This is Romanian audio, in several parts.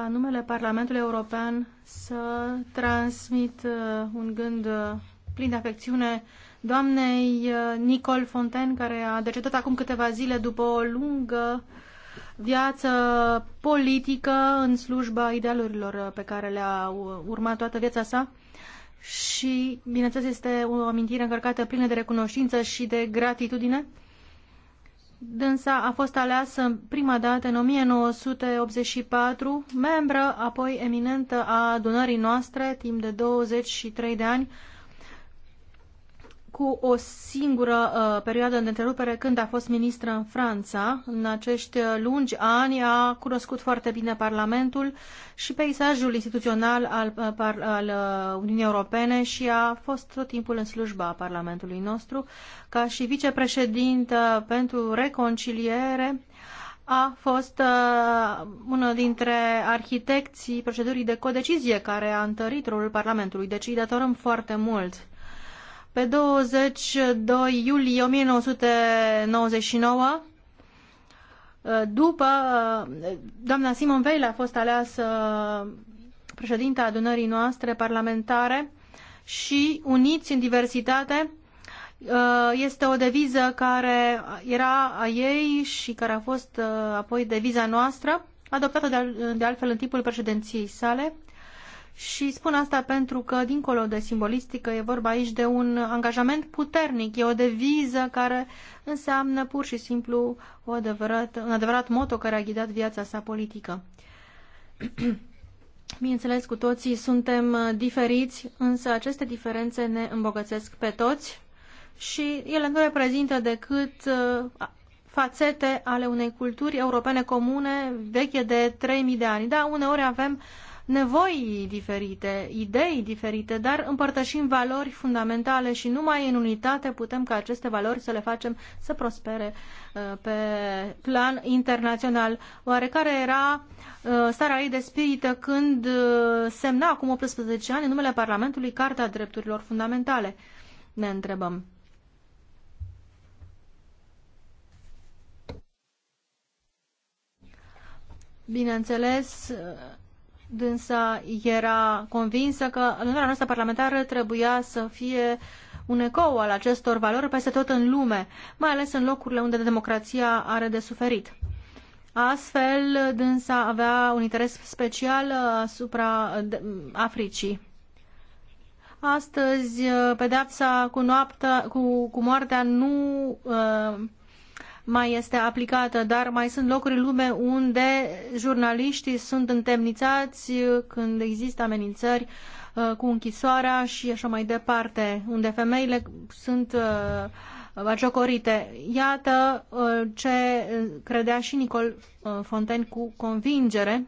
ca în numele Parlamentului European să transmit uh, un gând uh, plin de afecțiune doamnei uh, Nicole Fontaine, care a decedat acum câteva zile după o lungă viață politică în slujba idealurilor pe care le-a urmat toată viața sa. Și, bineînțeles, este o amintire încărcată plină de recunoștință și de gratitudine Dânsa a fost aleasă prima dată în 1984, membră, apoi eminentă a adunării noastre, timp de 23 de ani, cu o singură uh, perioadă de întrerupere când a fost ministră în Franța. În acești uh, lungi ani a cunoscut foarte bine Parlamentul și peisajul instituțional al, uh, par, al uh, Uniunii Europene și a fost tot timpul în slujba Parlamentului nostru. Ca și vicepreședintă pentru reconciliere a fost uh, unul dintre arhitecții procedurii de codecizie care a întărit rolul Parlamentului, deci îi datorăm foarte mult pe 22 iulie 1999, după doamna Simon Veil a fost aleasă președinta adunării noastre parlamentare și Uniți în diversitate uh, este o deviză care era a ei și care a fost uh, apoi deviza noastră, adoptată de altfel în timpul președinției sale. Și spun asta pentru că, dincolo de simbolistică, e vorba aici de un angajament puternic, e o deviză care înseamnă pur și simplu o adevărat, un adevărat moto care a ghidat viața sa politică. Bineînțeles, cu toții suntem diferiți, însă aceste diferențe ne îmbogățesc pe toți și ele nu reprezintă decât uh, fațete ale unei culturi europene comune veche de 3000 de ani. Da, uneori avem uh, nevoi diferite, idei diferite, dar împărtășim valori fundamentale și numai în unitate putem ca aceste valori să le facem să prospere uh, pe plan internațional. Oare care era uh, starea ei de spirit când uh, semna acum 18 ani în numele Parlamentului Carta Drepturilor Fundamentale? Ne întrebăm. Bineînțeles, Dânsa era convinsă că adunarea noastră parlamentară trebuia să fie un ecou al acestor valori peste tot în lume, mai ales în locurile unde democrația are de suferit. Astfel, dânsa avea un interes special asupra Africii. Astăzi, pedepsa cu, noaptea, cu, cu moartea nu uh, mai este aplicată, dar mai sunt locuri în lume unde jurnaliștii sunt întemnițați când există amenințări uh, cu închisoarea și așa mai departe, unde femeile sunt bajocorite. Uh, Iată uh, ce credea și Nicol Fontaine cu convingere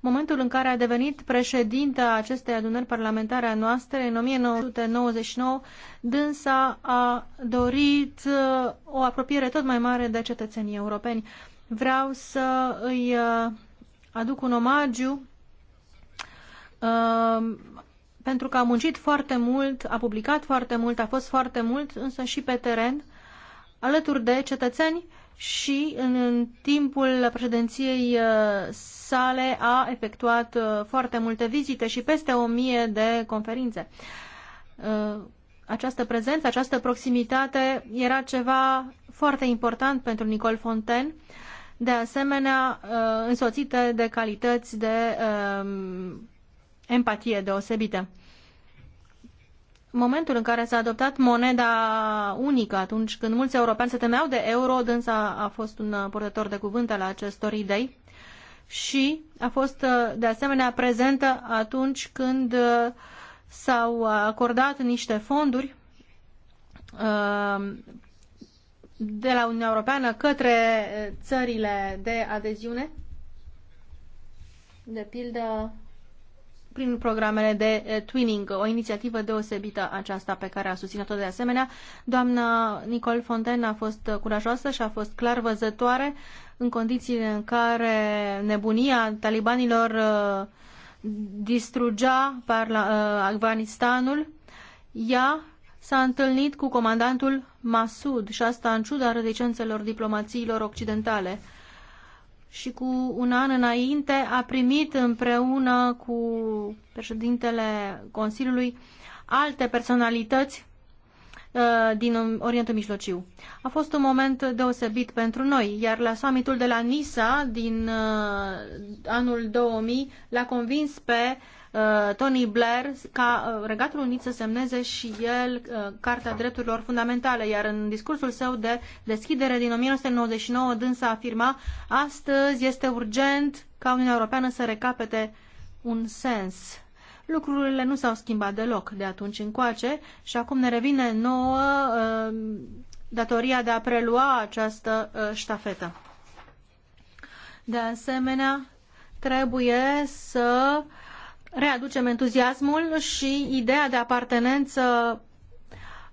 momentul în care a devenit președinte a acestei adunări parlamentare a noastre în 1999, dânsa a dorit uh, o apropiere tot mai mare de cetățenii europeni. Vreau să îi uh, aduc un omagiu uh, pentru că a muncit foarte mult, a publicat foarte mult, a fost foarte mult, însă și pe teren, alături de cetățeni și în, în timpul președinției uh, sale a efectuat uh, foarte multe vizite și peste o mie de conferințe. Uh, această prezență, această proximitate era ceva foarte important pentru Nicol Fontaine, de asemenea însoțită de calități de empatie deosebită momentul în care s-a adoptat moneda unică, atunci când mulți europeni se temeau de euro, dânsa a fost un uh, purtător de cuvânt al acestor idei și a fost uh, de asemenea prezentă atunci când uh, s-au acordat niște fonduri de la Uniunea Europeană către țările de adeziune, de pildă prin programele de eh, twinning, o inițiativă deosebită aceasta pe care a susținut-o de asemenea. Doamna Nicole Fontaine a fost curajoasă și a fost clar văzătoare în condițiile în care nebunia talibanilor eh, distrugea eh, Afganistanul. Ea s-a întâlnit cu comandantul Masud și asta în ciuda reticențelor diplomațiilor occidentale și cu un an înainte a primit împreună cu președintele Consiliului alte personalități uh, din Orientul Mijlociu. A fost un moment deosebit pentru noi, iar la summitul de la Nisa din uh, anul 2000 l-a convins pe Uh, Tony Blair ca uh, Regatul Unit să semneze și el uh, Carta Drepturilor Fundamentale, iar în discursul său de deschidere din 1999 dânsa afirma astăzi este urgent ca Uniunea Europeană să recapete un sens. Lucrurile nu s-au schimbat deloc de atunci încoace și acum ne revine nouă datoria de a prelua această ștafetă. De asemenea, trebuie să uh, readucem entuziasmul și ideea de apartenență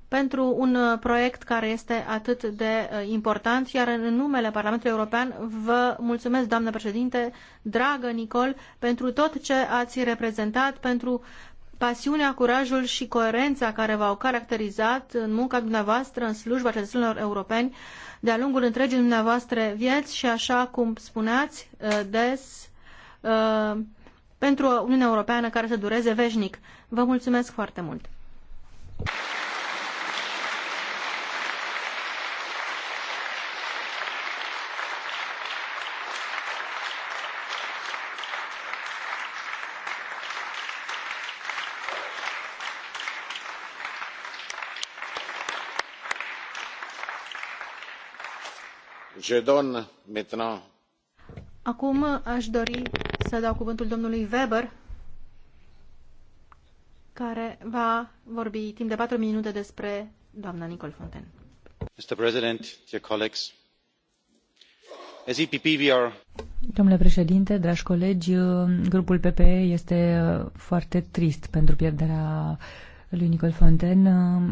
pentru un uh, proiect care este atât de uh, important, iar în numele Parlamentului European vă mulțumesc, doamnă președinte, dragă Nicol, pentru tot ce ați reprezentat, pentru pasiunea, curajul și coerența care v-au caracterizat în munca dumneavoastră în slujba cetățenilor europeni de-a lungul întregii dumneavoastră vieți și așa cum spuneați uh, des, pentru o Uniune Europeană care să dureze veșnic. Vă mulțumesc foarte mult! Acum aș dori să dau cuvântul domnului Weber, care va vorbi timp de patru minute despre doamna Nicole Fontaine. Mr. President, dear colleagues, as EPP we are... Domnule președinte, dragi colegi, grupul PPE este foarte trist pentru pierderea lui Nicol Fonten.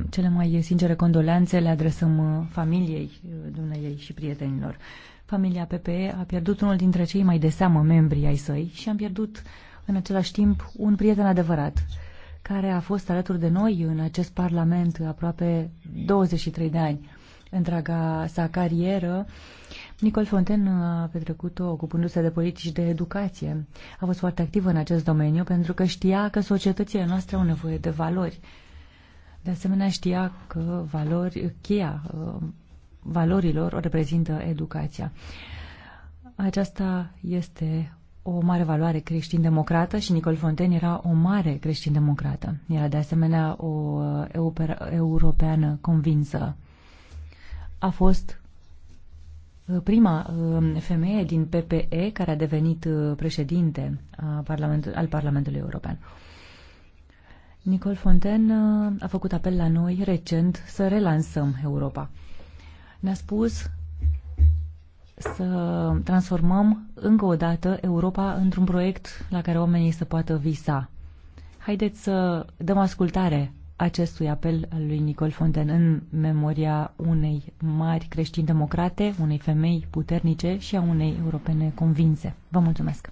Cele mai sincere condolențe le adresăm familiei dumneiei și prietenilor. Familia PPE a pierdut unul dintre cei mai de seamă membri ai săi și am pierdut în același timp un prieten adevărat, care a fost alături de noi în acest parlament aproape 23 de ani. Întreaga sa carieră, Nicol Fonten a petrecut-o ocupându-se de politici de educație. A fost foarte activ în acest domeniu pentru că știa că societățile noastre au nevoie de valori. De asemenea, știa că valori, cheia valorilor o reprezintă educația. Aceasta este o mare valoare creștin-democrată și Nicol Fonten era o mare creștin-democrată. Era de asemenea o uh, europeană convinsă. A fost uh, prima uh, femeie din PPE care a devenit președinte al Parlamentului European. Nicol Fonten a făcut apel la noi recent să relansăm Europa ne-a spus să transformăm încă o dată Europa într-un proiect la care oamenii să poată visa. Haideți să dăm ascultare acestui apel al lui Nicol Fonten în memoria unei mari creștini democrate, unei femei puternice și a unei europene convinse. Vă mulțumesc!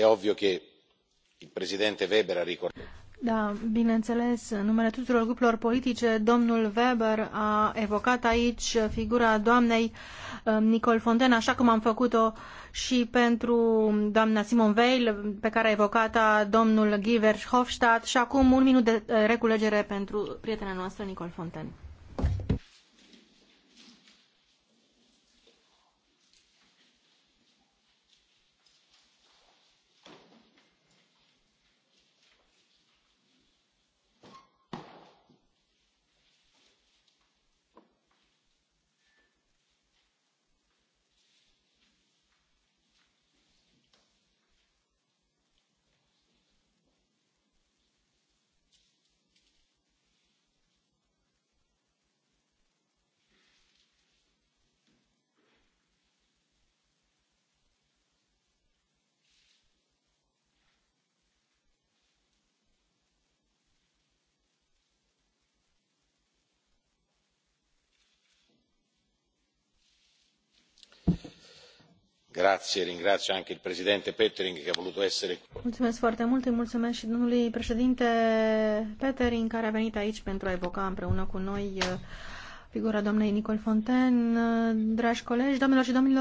E ovvio che bineîneles Da, în numele tuturor grupurilor politice, domnul Weber a evocat aici figura doamnei um, Nicole Fontaine, așa cum am făcut-o și pentru doamna simone Veil, pe care a evocat o domnul guy verhofstadt și acum un minut de uh, reculegere pentru prietena noastră Nicole Fontaine. Grazie, ringrazio anche il presidente pttering che ha voluto essere qui. Mulțumesc foarte mult, îi mulțumesc și domnului președinte pttering care a venit aici pentru a evoca împreună cu noi uh, figura doamnei nicole Fonten. Uh, dragi colegi, doamnelor și domnilor,